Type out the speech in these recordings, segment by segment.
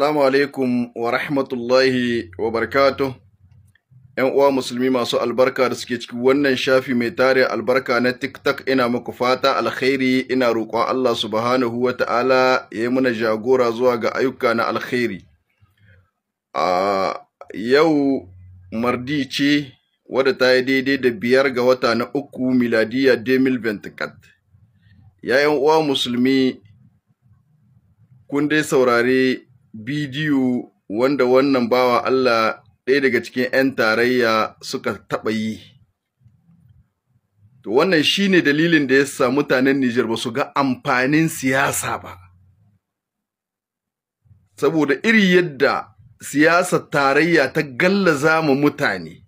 Assalamu alaikum wa rahmatullahi wa barkato. ‘Yan uwa musulmi masu albarka da suke ciki wannan shafi mai tare albarka na TikTok ina muku fata alkhairi ina roƙon Allah subhanahu wa ta'ala ya yi mana jagora zuwa ga ayyuka na alkhairi. A yau mardi ce wadda ta yi daidai da biyar ga wata na uku miladiya Ya uwa musulmi kun dai saurari bidiyo wanda wannan bawa Allah ɗaya daga cikin 'yan tarayya suka taɓa yi. To wannan shi ne dalilin da ya sa mutanen Nijar ba su ga amfanin siyasa ba. Saboda iri yadda siyasar tarayya ta gallaza mu mutane,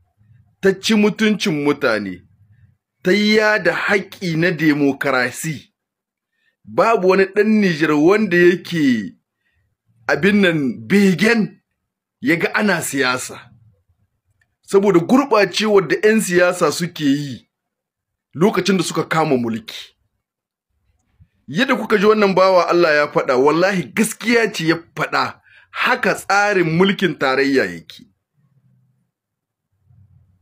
ta ci mutuncin mutane, ta da haƙƙi na demokarasi. Babu wani ɗan Nijar wanda yake abin nan begen ya ga ana siyasa saboda gurɓacewar da 'yan siyasa suke yi lokacin da suka kama mulki yadda kuka ji wannan bawa Allah ya faɗa wallahi gaskiya ce ya faɗa haka tsarin mulkin tarayya yake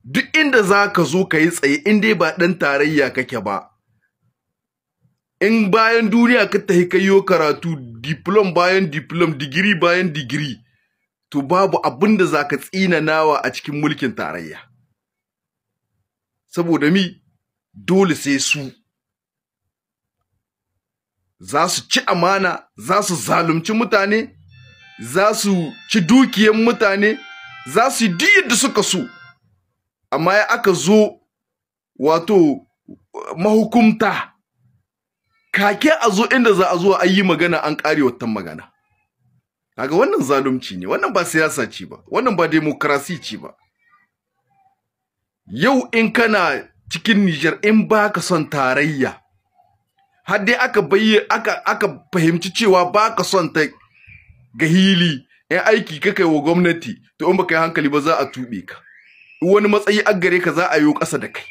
duk inda za ka zo ka yi tsaye in dai ba ɗan tarayya kake ba in bayan duniya ka tahi ka yi karatu diplom bayan diplom digiri bayan digiri to babu abin da za ka nawa a cikin mulkin tarayya saboda mi dole sai su za su ci amana za su zalunci mutane za su ci dukiyan mutane za su yi yadda suka so amma ya aka zo wato mahukumta kake a zo inda za a zo ayi yi magana an ƙare watan magana kaga wannan zalunci ne wannan ba siyasa ce ba wannan ba demokrasi ce ba yau in kana cikin Nijar in ba ka son tarayya har dai aka bayi aka fahimci cewa ba ka son ta gahili, hili in aiki kakai wa gwamnati to in baka yi hankali ba za a tuɓe ka wani matsayi aggare ka za a yi ƙasa da kai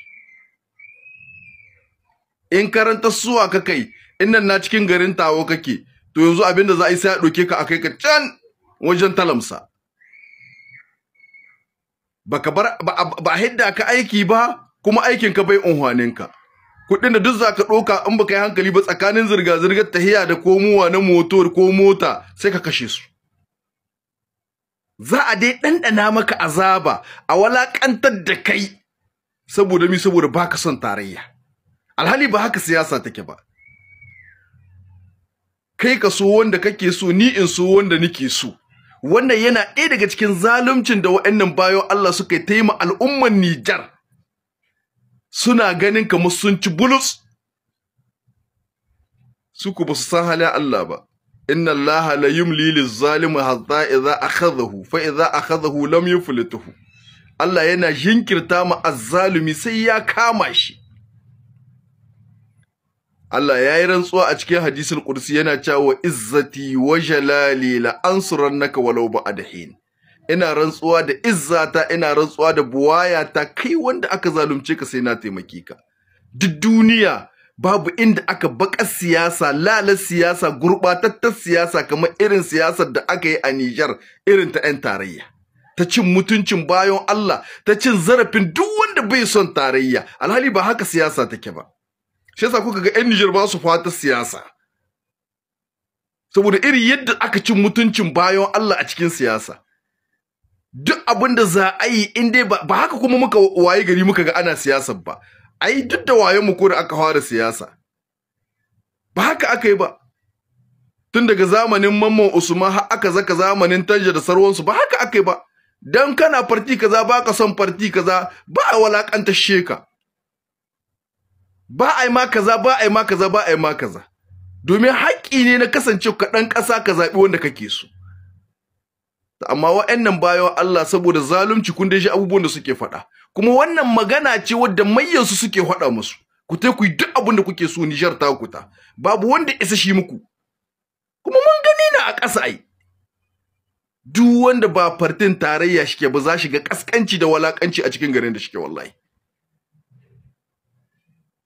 in karanta suwa ka kai in na cikin garin tawo kake to yanzu abinda za a yi sai a ɗauke ka a kai ka can wajen talamsa baka bar ba hidda ka aiki ba kuma aikin ka bai unhwanin ka kuɗin da duk za ka ɗauka in baka yi hankali ba tsakanin zirga-zirgar tahiya da komowa na motor ko mota sai ka kashe su za a dai ɗanɗana maka azaba a walaƙantar da kai saboda mi saboda baka son tarayya alhali ba haka siyasa take ba kai ka so wanda kake so ni in so wanda nake so wannan yana ɗaya daga cikin zaluncin da waɗannan bayo Allah suka yi taima al'umman Nijar suna ganin kamar sun ci bulus su ku ba su san halin Allah ba inna Allah la yumli zalimi hatta idza akhadhahu fa idza akhadhahu lam yuflituhu Allah yana jinkirta ma azzalumi sai ya kama shi Allah ya yi rantsuwa a cikin hadisul kursi yana cewa izzati wa jalali la ansurannaka walau ba'dahin ina rantsuwa da izzata ina rantsuwa da buwayata kai wanda aka zalunce ka sai na taimaki ka duk duniya babu inda aka baƙa siyasa lala siyasa gurɓatattar siyasa kamar irin siyasar da aka yi a Nijar irin ta 'yan tarayya ta cin mutuncin bayan Allah ta cin zarafin duk wanda bai son tarayya alhali ba haka siyasa take ba shi yasa kuka ga 'yan Nijar ba su fata siyasa saboda iri yadda aka cin mutuncin bayan Allah a cikin siyasa duk abin da za a yi in dai ba haka kuma muka waye gari muka ga ana siyasa ba ai duk da waye mu aka fara siyasa ba haka aka yi ba tun daga zamanin mamman usman har aka zaka zamanin tanja da sarwansu ba haka aka yi ba dan kana farti kaza baka son farti kaza ba a walakanta sheka ba a yi ma kaza ba a yi ma kaza ba a yi ma kaza domin haƙƙi ne na kasance ka ɗan ƙasa ka zaɓi wanda kake so amma wa'annan bayan Allah saboda zalunci kun dai shi abubuwan da suke faɗa kuma wannan magana ce wadda mayyansu suke faɗa musu ku tai ku duk abin da kuke so Nijar ta ku babu wanda isa shi muku kuma mun gani na a ƙasa ai duk wanda ba fartin tarayya shike ba za shiga kaskanci da walakanci a cikin garin da shike wallahi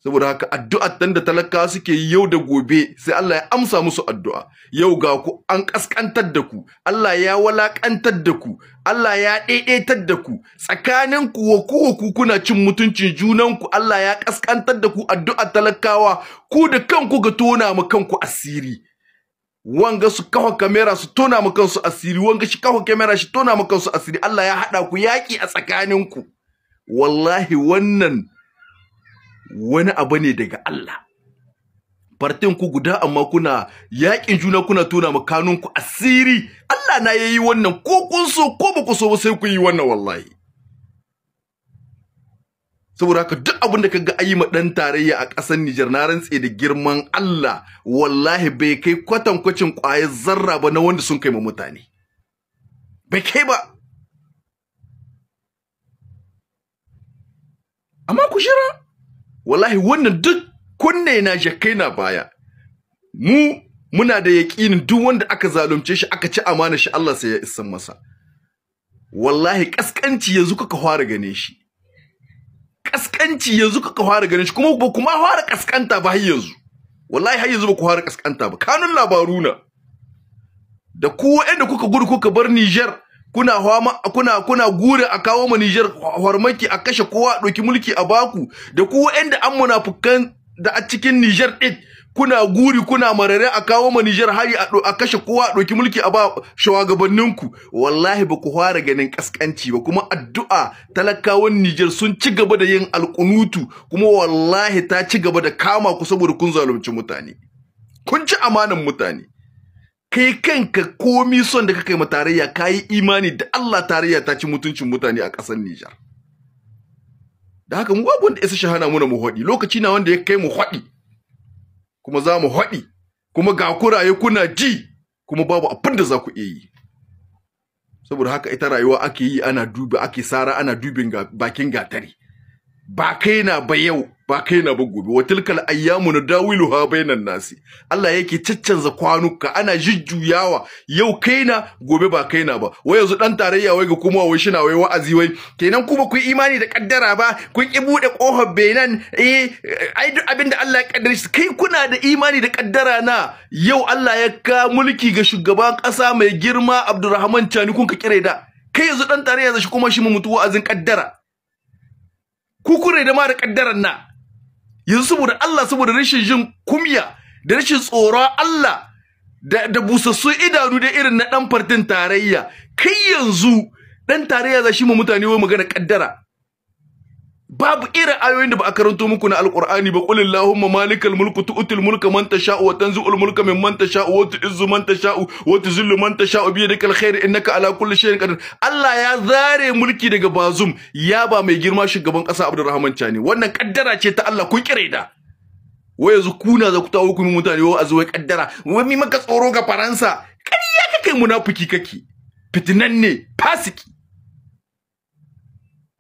saboda haka addu'a dan da talaka suke yau da gobe sai Allah ya amsa musu addu'a yau ga ku an kaskantar da ku Allah ya walakantar da ku Allah ya daidaitar da ku tsakanin ku wa ku ku kuna cin mutuncin junan ku Allah ya kaskantar da ku addu'a talakawa ku da kanku ga tona mu kanku asiri wanga su kawo kamera su tona mu kansu asiri wanga shi kawo kamera shi tona mu kansu asiri Allah ya hada ku yaki a tsakanin ku wallahi wannan wani abu ne daga Allah fartin ku guda amma kuna yaƙin juna kuna tona makanun ku asiri Allah na yayi wannan ko kun so ko ba ku so ba sai ku yi wannan wallahi saboda haka duk abin da ga ayi ma ɗan tarayya a ƙasar Nijar na rantse da girman Allah wallahi bai kai kwatankwacin ƙwayar zarra ba na wanda sun kai ma mutane bai kai ba amma ku shira wallahi wannan duk kunne na jakai na baya mu muna da yaƙinin duk wanda aka zalunce shi aka ci amana shi Allah sai ya isa masa wallahi kaskanci yanzu kuka fara gane shi kaskanci yanzu kuka fara gane shi kuma ba kuma fara kaskanta ba har yanzu wallahi har yanzu ba ku fara kaskanta ba kanun labaruna. da ku waɗanda kuka gudu kuka bar Niger kuna hama kuna kuna gure a kawo mu Niger hormaki a kashe kowa doki mulki a baku da ku wa'anda an munafukan da a cikin Niger din kuna guri kuna marare a kawo mu Niger hari a kashe kowa doki mulki a ba ku. wallahi ba ku fara ganin kaskanci ba kuma addu'a talakawan Niger sun ci gaba da yin alkunutu kuma wallahi ta ci gaba da kama ku saboda kun zalunci mutane kun ci amanan mutane kai kanka komi son da ka kakai tarayya yi imani da Allah tarayya ta ci mutuncin mutane a ƙasar Nijar da haka mu babu da ya sashi hana muna mu haɗi lokaci na wanda ya kai mu haɗi kuma za mu haɗi kuma ga kuraye kuna ji kuma babu abin da za ku iya yi saboda haka ita rayuwa ake yi ana dubi ake sara ana dubin bakin gatari ba kai na ba yau ba kai na ba gobe tilkal ayyamu nadawiluha bainan nasi Allah yake caccanza kwanuka ana jujjuyawa yau kaina gobe ba kaina ba wai yanzu dan tarayya wai ga kuma wai shina wai wa'azi wai kenan kuma ku imani da kaddara ba ku ki bude kofar bainan eh ai duk abinda Allah ya kaddare shi kai kuna da imani da kaddara na yau Allah ya ka mulki ga shugaban kasa mai girma Abdulrahman Chani kun ka kire da kai yanzu dan tarayya za shi kuma shi mu mutuwa azin kaddara kukure da ma da kaddaran na yanzu saboda Allah saboda rashin jin kumya da rashin tsoron Allah da da busassu idanu da irin na ɗan fartin tarayya kai yanzu ɗan tarayya za shi ma mutane wai magana kaddara babu irin ayoyin da ba a karanto muku na alqur'ani ba qul allahumma malikal mulku tu'til mulka man tasha'u wa tanzu'ul mulka mimman tasha'u wa tu'izzu man tasha'u wa tuzillu man tasha'u bi yadikal khair innaka ala kulli shay'in qadir Allah ya zare mulki daga bazum ya ba mai girma shugaban kasa Abdulrahman Chani wannan kaddara ce ta Allah ku kire da wai yanzu kuna za ku tawo ku mutane wai azu wai kaddara wai mi maka tsoro ga Faransa kariya kake munafiki kake fitinan ne fasiki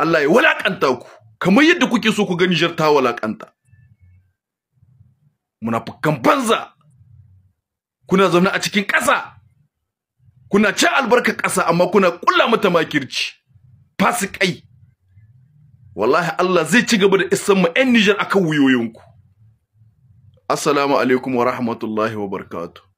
Allah ya walakanta ku kamar yadda kuke so ku ga Nijar ta walakanta munafukan banza kuna zaune a cikin ƙasa kuna cin albarkar ƙasa amma kuna ƙulla mata makirci fasikai wallahi Allah zai ci gaba da isan mu ɗan Nijar akan wuyoyinku assalamu alaikum wa rahmatullahi wa barakatuh